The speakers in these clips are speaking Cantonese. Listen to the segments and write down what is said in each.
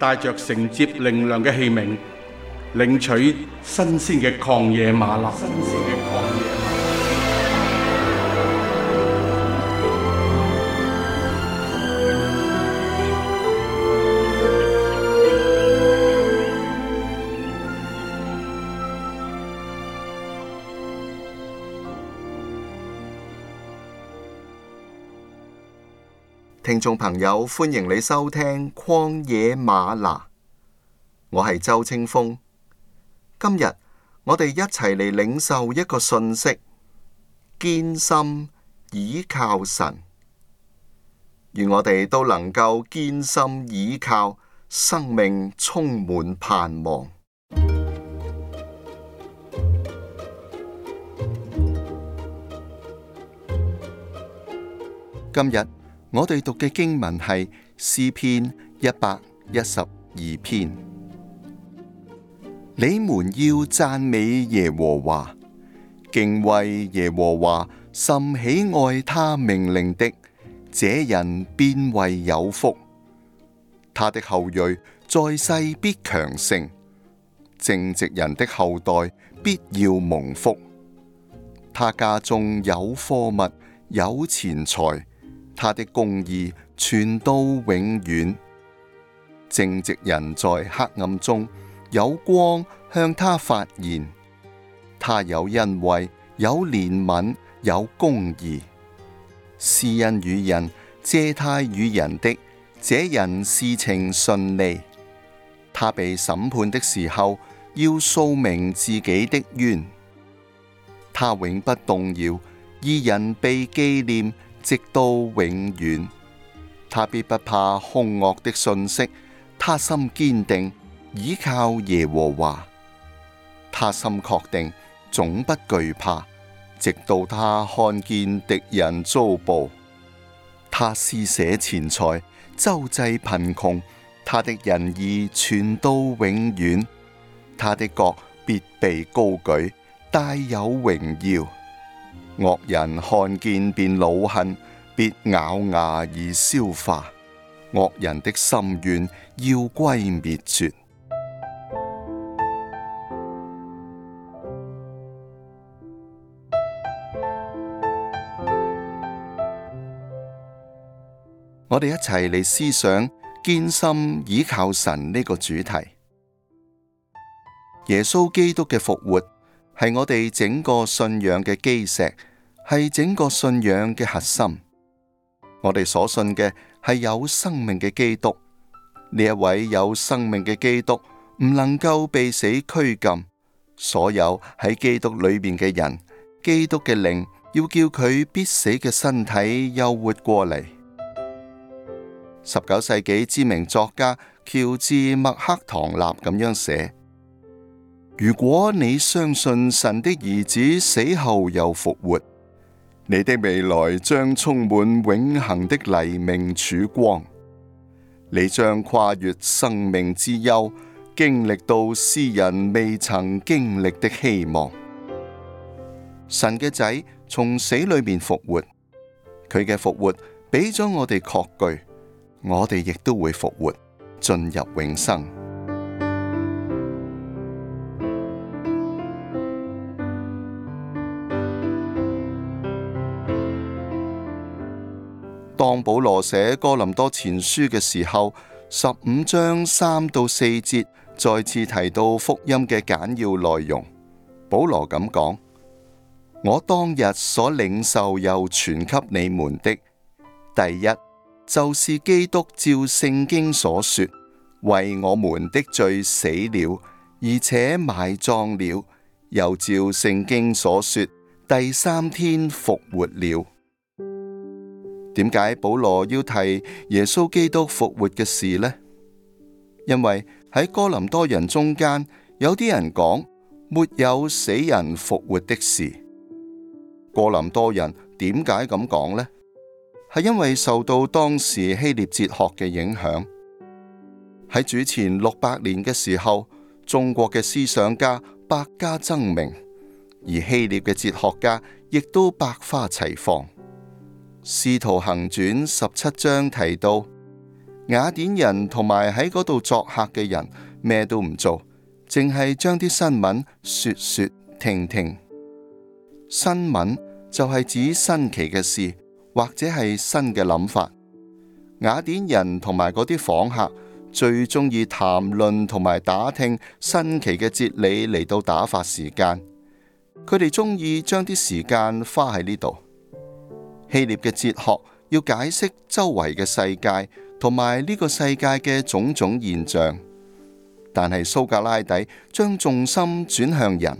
帶着承接靈糧嘅器皿，領取新鮮嘅曠野嗎哪。聽眾朋友，歡迎你收聽曠野嗎哪，我係周清風。今日我哋一齊嚟領受一個信息：堅心倚靠神，願我哋都能夠堅心倚靠，生命充滿盼望。今日。我哋讀嘅經文係詩篇一百一十二篇，你們要讚美耶和華，敬畏耶和華，甚喜愛他命令的，這人便為有福。他的後裔在世必強盛，正直人的後代必要蒙福。他家中有貨物，有錢財。他的公義存到永遠，正直人在黑暗中有光向他發言。他有恩惠，有憐憫，有公義，施恩與人，借貸與人的這人事情順利。他被審判的時候，要訴明自己的冤。他永不動搖，義人被紀念。直到永遠，他必不怕凶惡的信息，他心堅定，倚靠耶和華，他心確定，總不懼怕。直到他看見敵人遭報，他施捨錢財，周濟貧窮，他的仁義存到永遠，他的國必被高舉，大有榮耀。惡人看見便惱恨，必咬牙而消化。惡人的心願要歸滅絕。 我哋一齊嚟思想，堅心倚靠神呢個主題。耶穌基督嘅復活，係我哋整個信仰嘅基石。係整個信仰嘅核心，我哋所信嘅係有生命嘅基督。呢一位有生命嘅基督唔能夠被死拘禁，所有喺基督裏面嘅人，基督嘅靈要叫佢必死嘅身體又活過嚟。十九世紀知名作家喬治麥克唐納咁樣寫：如果你相信神的兒子死後又復活，你的未來將充滿永恆的黎明曙光，你將跨越生命之憂，經歷到世人未曾經歷的希望。神嘅仔從死裏面復活，佢嘅復活俾咗我哋確據，我哋亦都會復活，進入永生。當保羅寫哥林多前書嘅時候，十五章三到四節再次提到福音嘅簡要內容。保羅咁講：我當日所領受又傳給你們的，第一就是基督照聖經所說，為我們的罪死了，而且埋葬了，又照聖經所說，第三天復活了。點解保羅要提耶穌基督復活嘅事呢？因為喺哥林多人中間，有啲人講沒有死人復活的事。哥林多人點解咁講呢？係因為受到當時希臘哲學嘅影響。喺主前六百年嘅時候，中國嘅思想家百家爭鳴，而希臘嘅哲學家亦都百花齊放。《使徒行傳》十七章提到，雅典人同埋喺嗰度作客嘅人咩都唔做，淨係將啲新聞說說聽聽。新聞就係指新奇嘅事或者係新嘅諗法。雅典人同埋嗰啲訪客最中意談論同埋打聽新奇嘅哲理嚟到打發時間，佢哋中意將啲時間花喺呢度。希臘嘅哲學要解釋周圍嘅世界同埋呢個世界嘅種種現象，但係蘇格拉底將重心轉向人。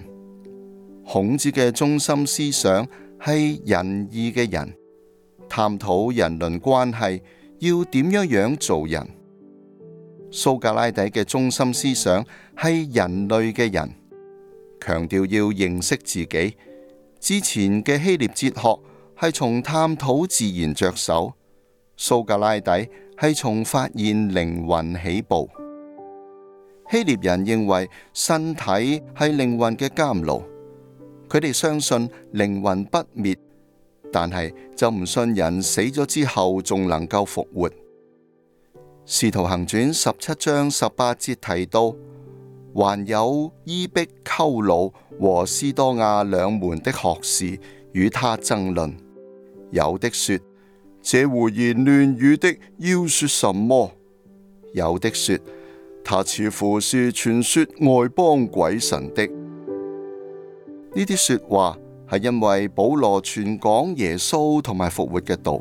孔子嘅中心思想係仁義嘅人，探討人倫關係要點樣樣做人。蘇格拉底嘅中心思想係人類嘅人，強調要認識自己。之前嘅希臘哲學，係從探討自然着手，蘇格拉底係從發現靈魂起步。希臘人認為身體係靈魂嘅監牢，佢哋相信靈魂不滅，但係就唔信人死咗之後仲能夠復活。《使徒行傳》十七章十八節提到，還有伊壁鳩魯和斯多亞兩門的學士與他爭論。有的說，這胡言亂語的要說什麼？有的說，他似乎是傳說外邦鬼神的。呢啲說話係因為保羅傳講耶穌同埋復活嘅道。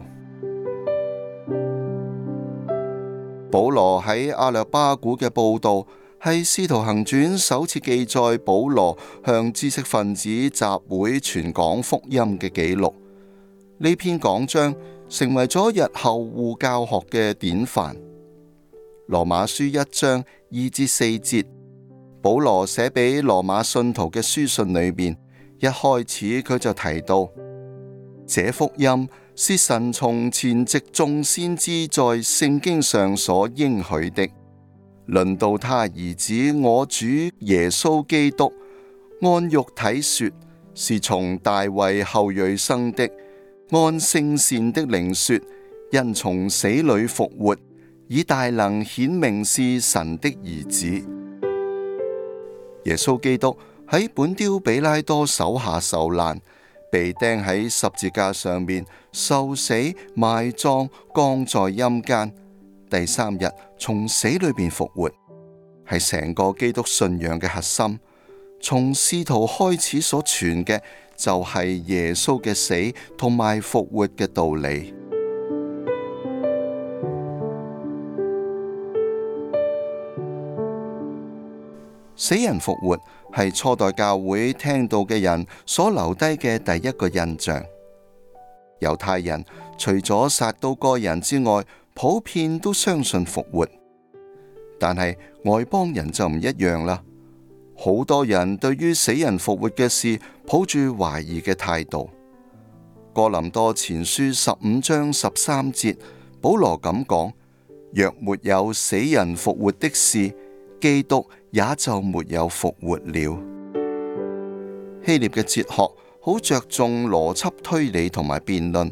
保羅喺亞略巴古嘅報道，係《使徒行傳》首次記載保羅向知識分子集會傳講福音嘅記錄。呢篇講章成為咗日後護教學嘅典範。羅馬書一章二至四節，保羅寫俾羅馬信徒嘅書信裏邊，一開始佢就提到，這福音是神從前藉眾先知在聖經上所應許的。論到他兒子我主耶穌基督，按肉體說，是從大衛後裔生的。按聖善的靈說，人從死裏復活，以大能顯明是神的兒子。耶穌基督喺本丟彼拉多手下受難，被釘喺十字架上面受死、埋葬、降在陰間，第三日從死裏邊復活，係成個基督信仰嘅核心，從使徒開始所傳嘅。就係耶穌嘅死同埋復活嘅道理。死人復活係初代教會聽到嘅人所留低嘅第一個印象。猶太人除咗撒都該人之外，普遍都相信復活，但係外邦人就唔一樣啦。好多人對於死人復活嘅事，抱住懷疑嘅態度，《哥林多前書》十五章十三節，保羅咁講：若沒有死人復活的事，基督也就沒有復活了。希臘嘅哲學好着重邏輯推理同埋辯論，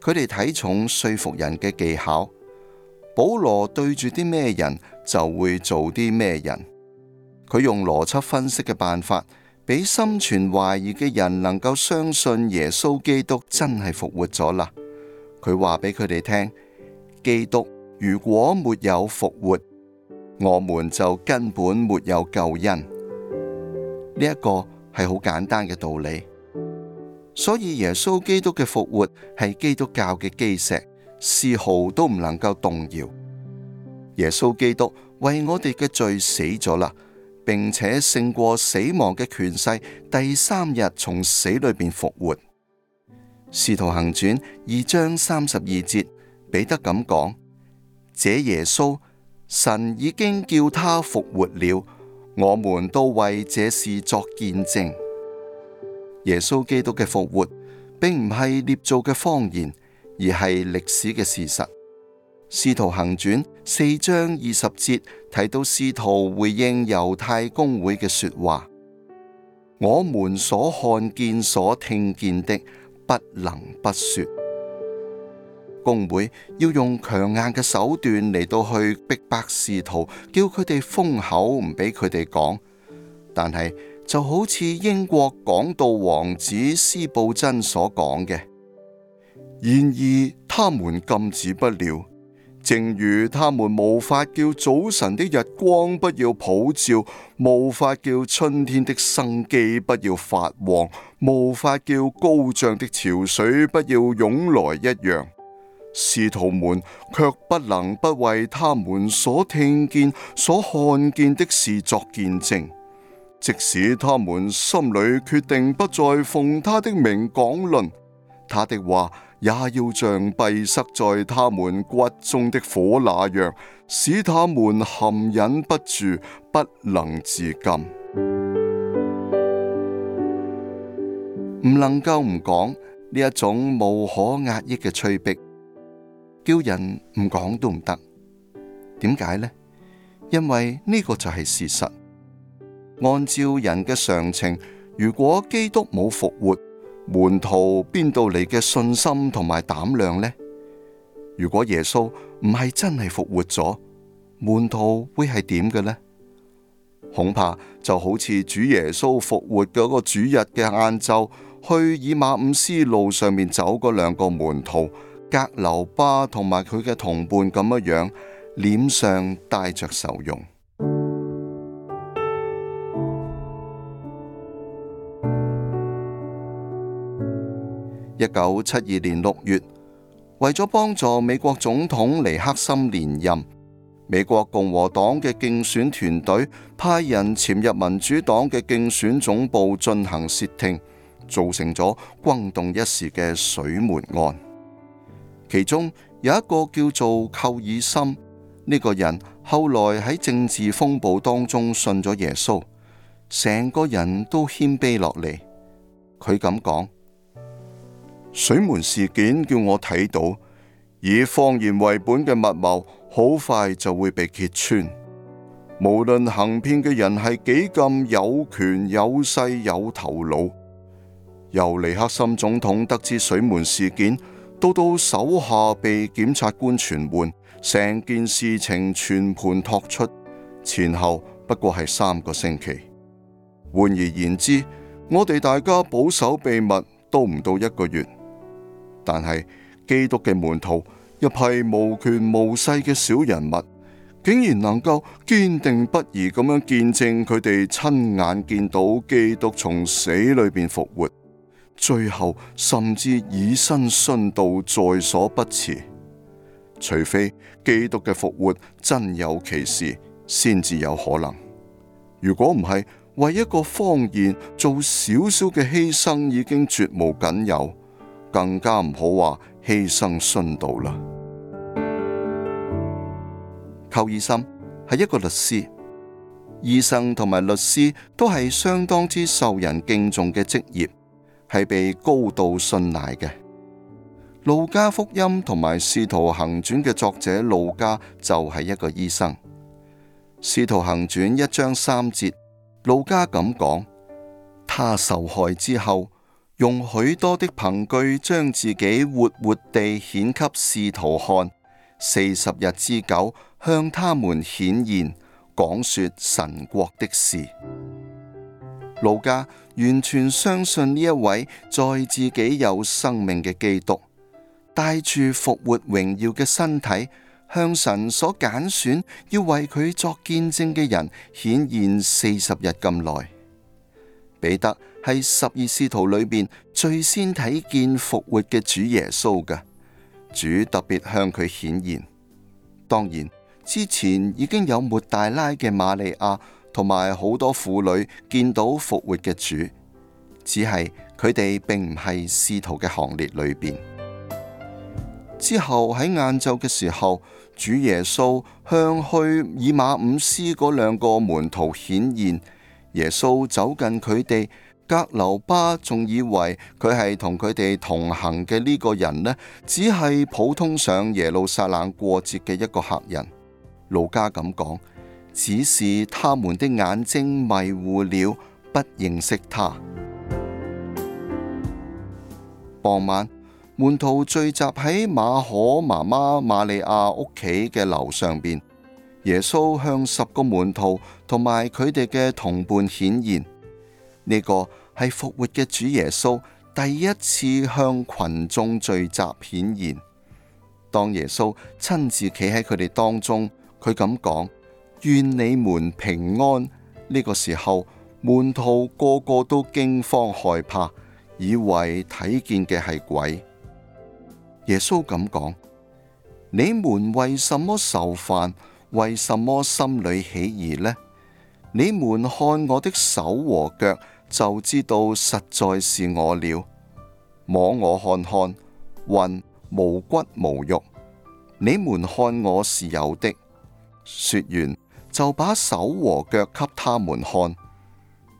佢哋睇重說服人嘅技巧。保羅對住啲咩人就會做啲咩人，佢用邏輯分析嘅辦法。俾心存懷疑嘅人能夠相信耶穌基督真係復活咗啦。佢話俾佢哋聽，基督如果沒有復活，我們就根本沒有救恩。呢、這、一個係好簡單嘅道理。所以耶穌基督嘅復活係基督教嘅基石，絲毫都唔能夠動搖。耶穌基督為我哋嘅罪死咗啦。並且勝過死亡嘅權勢，第三日從死裏邊復活。使徒行傳二章三十二節，彼得咁講：這耶穌，神已經叫他復活了，我們都為這事作見證。耶穌基督嘅復活，並唔係捏造嘅謊言，而係歷史嘅事實。《使徒行傳》四章二十節提到，使徒回應猶太公會嘅說話，我們所看見、所聽見的，不能不說。公會要用強硬嘅手段嚟到去逼迫使徒，叫佢哋封口，唔俾佢哋講。但係就好似英國講道王子司布真所講嘅，然而他們禁止不了。正如他們無法叫早晨的日光不要普照，無法叫春天的生機不要發旺，無法叫高漲的潮水不要湧來一樣，使徒們却不能不為他們所聽見、所看見的事作見證，即使他們心裏決定不再奉他的名講論他的話。也要像閉塞在他們骨中的火那樣，使他們含忍不住，不能自禁。唔 能夠唔講呢一種無可壓抑嘅催逼，叫人唔講都唔得。點解呢？因為呢個就係事實。按照人嘅常情，如果基督冇復活，門徒邊度嚟嘅信心同埋膽量呢？如果耶穌唔係真係復活咗，門徒會係點嘅呢？恐怕就好似主耶穌復活嗰個主日嘅晏晝，去以馬五斯路上面走嗰兩個門徒，格留巴同埋佢嘅同伴咁樣樣，臉上帶着愁容。一九七二年六月，為咗幫助美國總統尼克森連任，美國共和黨嘅競選團隊派人潛入民主黨嘅競選總部進行竊聽，造成咗轟動一時嘅水門案。其中有一個叫做寇爾森呢個人，後來喺政治風暴當中信咗耶穌，成個人都謙卑落嚟。佢咁講。水門事件叫我睇到以謊言為本嘅密謀好快就會被揭穿。無論行騙嘅人係幾咁有權有勢有頭腦，由尼克森總統得知水門事件，到到手下被檢察官傳喚，成件事情全盤托出，前後不過係三個星期。換而言之，我哋大家保守秘密都唔到一個月。但係基督嘅門徒，一批無權無勢嘅小人物，竟然能夠堅定不移咁樣見證佢哋親眼見到基督從死裏邊復活，最後甚至以身殉道，在所不辭。除非基督嘅復活真有其事，先至有可能。如果唔係，為一個謊言做少少嘅犧牲，已經絕無僅有。更加唔好話犧牲殉道啦。寇爾森係一個律師，醫生同埋律師都係相當之受人敬重嘅職業，係被高度信賴嘅。路加福音同埋《使徒行傳》嘅作者路加就係一個醫生，《使徒行傳》一章三節，路加咁講，他受害之後。用許多的憑據將自己活活地顯給使徒看，四十日之久向他們顯現，講說神國的事。路加完全相信呢一位在自己有生命嘅基督，帶住復活榮耀嘅身體，向神所揀選要為佢作見證嘅人顯現四十日咁耐。彼得。係十二使徒裏邊最先睇見復活嘅主耶穌嘅。主特別向佢顯現。當然，之前已經有抹大拉嘅瑪利亞同埋好多婦女見到復活嘅主，只係佢哋並唔係使徒嘅行列裏邊。之後喺晏晝嘅時候，主耶穌向去以馬忤斯嗰兩個門徒顯現，耶穌走近佢哋。格留巴仲以為佢係同佢哋同行嘅呢個人呢，只係普通上耶路撒冷過節嘅一個客人。路加咁講，只是他們的眼睛迷糊了，不認識他。傍晚，門徒聚集喺馬可媽媽瑪利亞屋企嘅樓上邊，耶穌向十個門徒同埋佢哋嘅同伴顯現。呢個係復活嘅主耶穌第一次向群眾聚集顯現。當耶穌親自企喺佢哋當中，佢咁講：願你們平安。呢、這個時候，門徒個個都驚慌害怕，以為睇見嘅係鬼。耶穌咁講：你們為什麼愁煩？為什麼心裏起疑呢？你們看我的手和腳。就知道實在是我了，摸我看看，魂無骨無肉，你們看我是有的。說完，就把手和腳給他們看。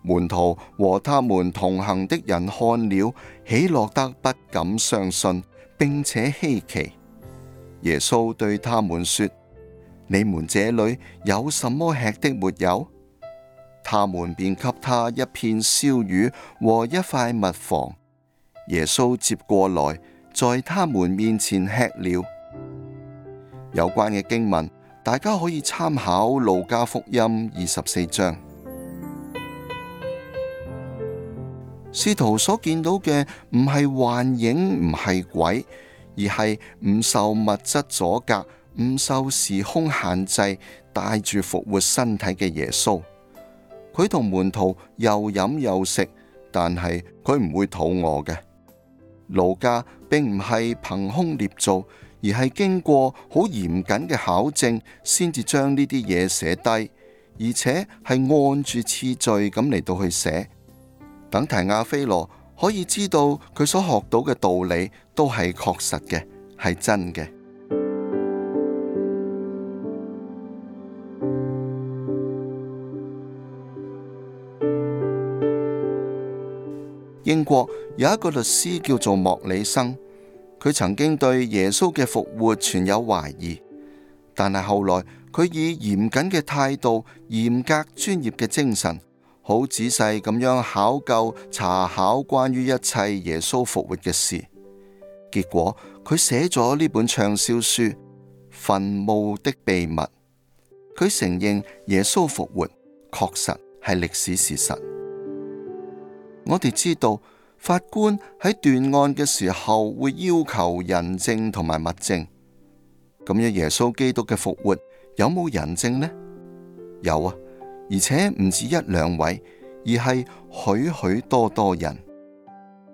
門徒和他們同行的人看了，喜樂得不敢相信，並且稀奇。耶穌對他們說：你們這裏有什麼吃的沒有？他們便給他一片燒魚和一塊蜜房。耶穌接過來，在他們面前吃了。有關嘅經文，大家可以參考路加福音二十四章。使徒所見到嘅唔係幻影，唔係鬼，而係唔受物質阻隔、唔受時空限制，帶住復活身體嘅耶穌。佢同門徒又飲又食，但係佢唔會肚餓嘅。路加並唔係憑空捏造，而係經過好嚴謹嘅考證，先至將呢啲嘢寫低，而且係按住次序咁嚟到去寫。等提亞非羅可以知道佢所學到嘅道理都係確實嘅，係真嘅。英國有一個律師叫做莫里森，佢曾經對耶穌嘅復活存有懷疑，但係後來佢以嚴謹嘅態度、嚴格專業嘅精神，好仔細咁樣考究查考關於一切耶穌復活嘅事，結果佢寫咗呢本暢銷書《墳墓的秘密》，佢承認耶穌復活確實係歷史事實。我哋知道法官喺斷案嘅時候會要求人證同埋物證，咁樣耶穌基督嘅復活有冇人證呢？有啊，而且唔止一兩位，而係許許多多人。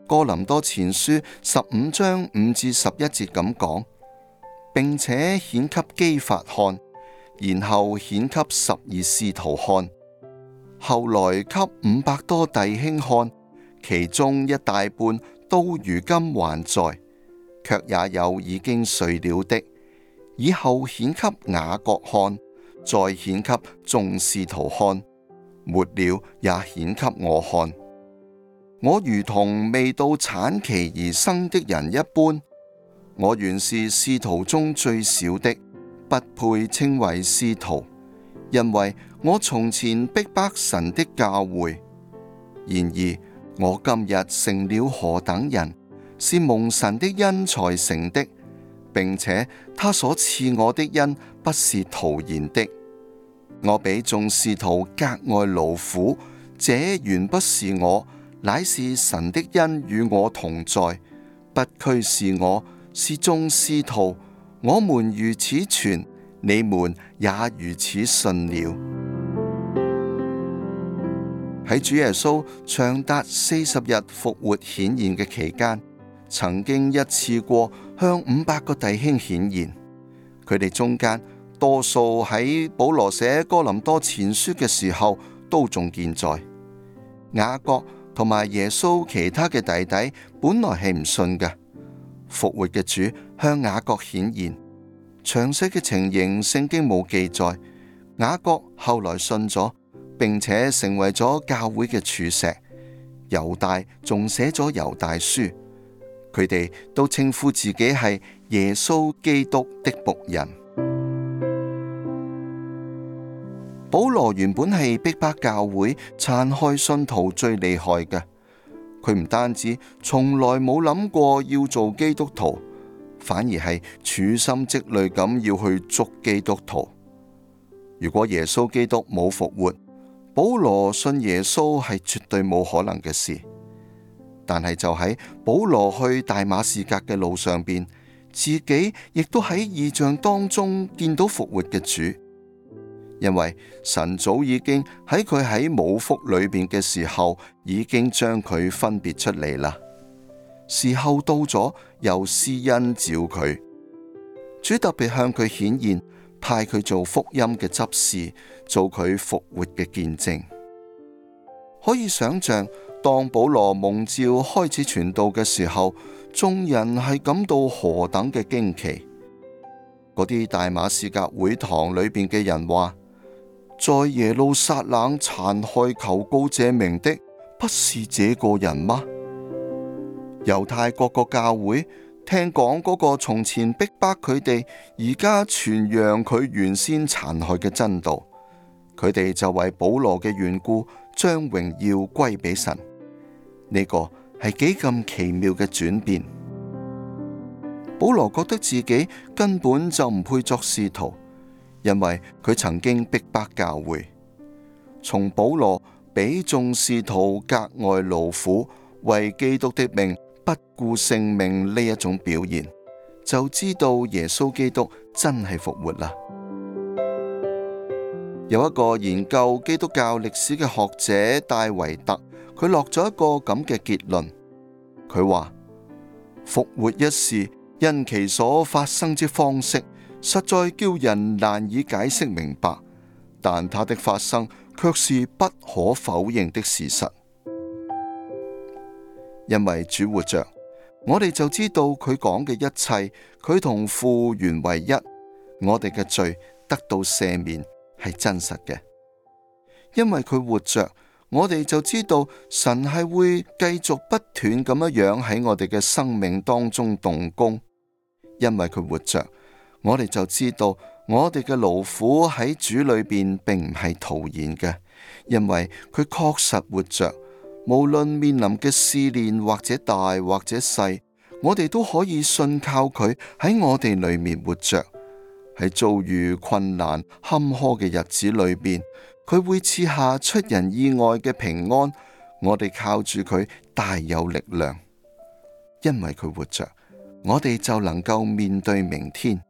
哥林多前書十五章五至十一節咁講，並且顯給基法看，然後顯給十二使徒看，後來給五百多弟兄看。其中一大半到如今還在，卻也有已經睡了的。以後顯給雅各看，再顯給眾使徒看，末了也顯給我看。我如同未到產期而生的人一般，我原是使徒中最小的，不配稱為使徒，因為我從前逼迫神的教會，然而，我今日成了何等人，是蒙神的恩才成的，並且他所賜我的恩不是徒然的。我比眾使徒格外勞苦，這原不是我，乃是神的恩與我同在，不拘是我，是眾使徒。我們如此傳，你們也如此信了。喺主耶穌長達四十日復活顯現嘅期間，曾經一次過向五百個弟兄顯現。佢哋中間多數喺保羅寫哥林多前書嘅時候都仲健在。雅各同埋耶穌其他嘅弟弟本來係唔信嘅，復活嘅主向雅各顯現，詳細嘅情形聖經冇記載。雅各後來信咗。並且成為咗教會嘅柱石，猶大仲寫咗猶大書，佢哋都稱呼自己係耶穌基督的僕人。保羅原本係逼迫教會、殘害信徒最厲害嘅，佢唔單止從來冇諗過要做基督徒，反而係處心積慮咁要去捉基督徒。如果耶穌基督冇復活，保羅信耶穌係絕對冇可能嘅事，但係就喺保羅去大馬士革嘅路上邊，自己亦都喺異象當中見到復活嘅主，因為神早已經喺佢喺母腹裏邊嘅時候，已經將佢分別出嚟啦。時候到咗，又施恩召佢，主特別向佢顯現，派佢做福音嘅執事。做佢復活嘅見證，可以想象當保羅蒙召開始傳道嘅時候，眾人係感到何等嘅驚奇。嗰啲大馬士革會堂裏邊嘅人話：在耶路撒冷殘害求告這名的，不是這個人嗎？猶太各個教會聽講嗰個從前逼迫佢哋，而家傳揚佢原先殘害嘅真道。佢哋就為保羅嘅緣故，將榮耀歸俾神。呢個係幾咁奇妙嘅轉變。保羅覺得自己根本就唔配作使徒，因為佢曾經逼迫教會。從保羅俾眾使徒格外勞苦，為基督的名不顧性命呢一種表現，就知道耶穌基督真係復活啦。有一個研究基督教歷史嘅學者戴維特，佢落咗一個咁嘅結論。佢話復活一事，因其所發生之方式，實在叫人難以解釋明白，但它的發生卻是不可否認的事實。因為主活着，我哋就知道佢講嘅一切，佢同父原為一，我哋嘅罪得到赦免。係真實嘅，因為佢活着，我哋就知道神係會繼續不斷咁樣樣喺我哋嘅生命當中動工。因為佢活着，我哋就知道我哋嘅勞苦喺主裏邊並唔係徒然嘅，因為佢確實活着。無論面臨嘅試煉或者大或者細，我哋都可以信靠佢喺我哋裏面活着。喺遭遇困難坎坷嘅日子裏邊，佢會賜下出人意外嘅平安。我哋靠住佢大有力量，因為佢活着，我哋就能夠面對明天。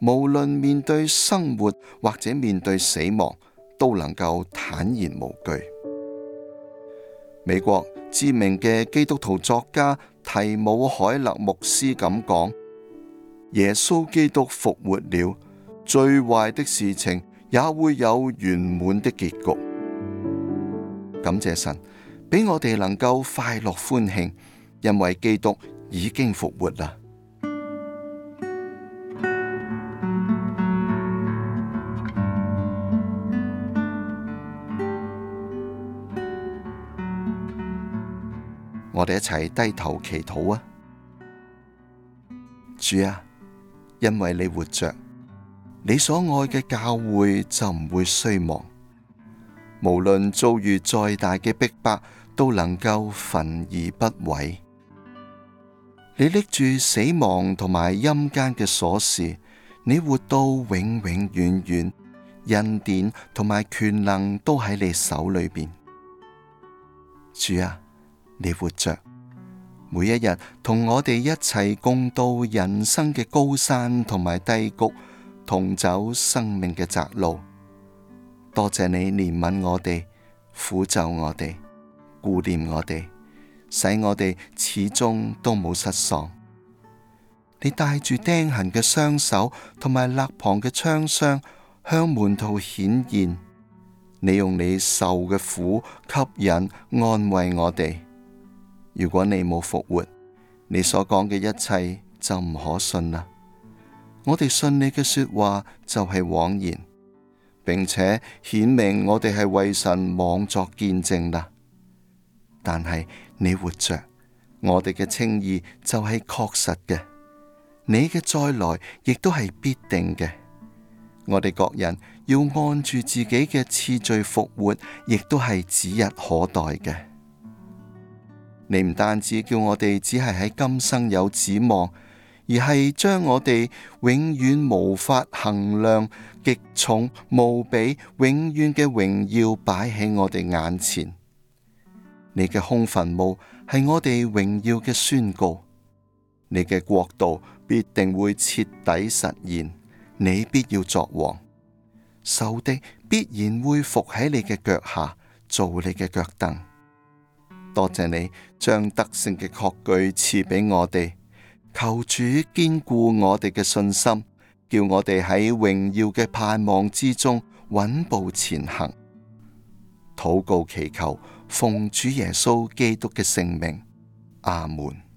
無論面對生活或者面對死亡，都能夠坦然無懼。美國知名嘅基督徒作家提姆·海勒牧師咁講。耶穌基督復活了，最壞的事情也會有圓滿的結局。感謝神，俾我哋能夠快樂歡慶，因為基督已經復活喇。我哋一齊低頭祈禱啊，主啊！因為你活着，你所愛嘅教會就唔會衰亡。無論遭遇再大嘅逼迫，都能夠焚而不毀。你拎住死亡同埋陰間嘅鎖匙，你活到永永遠遠，恩典同埋權能都喺你手裏面。主啊，你活着。每一日同我哋一齊共度人生嘅高山同埋低谷，同走生命嘅窄路。多謝你憐憫我哋，撫咒我哋，顧念我哋，使我哋始終都冇失喪。你帶住釘痕嘅雙手同埋肋旁嘅槍傷，向門徒顯現。你用你受嘅苦吸引安慰我哋。如果你冇復活，你所講嘅一切就唔可信啦。我哋信你嘅說話就係謊言，並且顯明我哋係為神妄作見證啦。但係你活着，我哋嘅稱義就係確實嘅。你嘅再來亦都係必定嘅。我哋各人要按住自己嘅次序復活，亦都係指日可待嘅。你唔單止叫我哋只係喺今生有指望，而係將我哋永遠無法衡量，極重無比，永遠嘅榮耀擺喺我哋眼前。你嘅空墳墓係我哋榮耀嘅宣告，你嘅國度必定會徹底實現，你必要作王，仇敵必然會伏喺你嘅腳下，做你嘅腳凳。多謝你將得勝嘅確據賜俾我哋，求主堅固我哋嘅信心，叫我哋喺榮耀嘅盼望之中穩步前行。禱告祈求，奉主耶穌基督嘅聖名。阿門。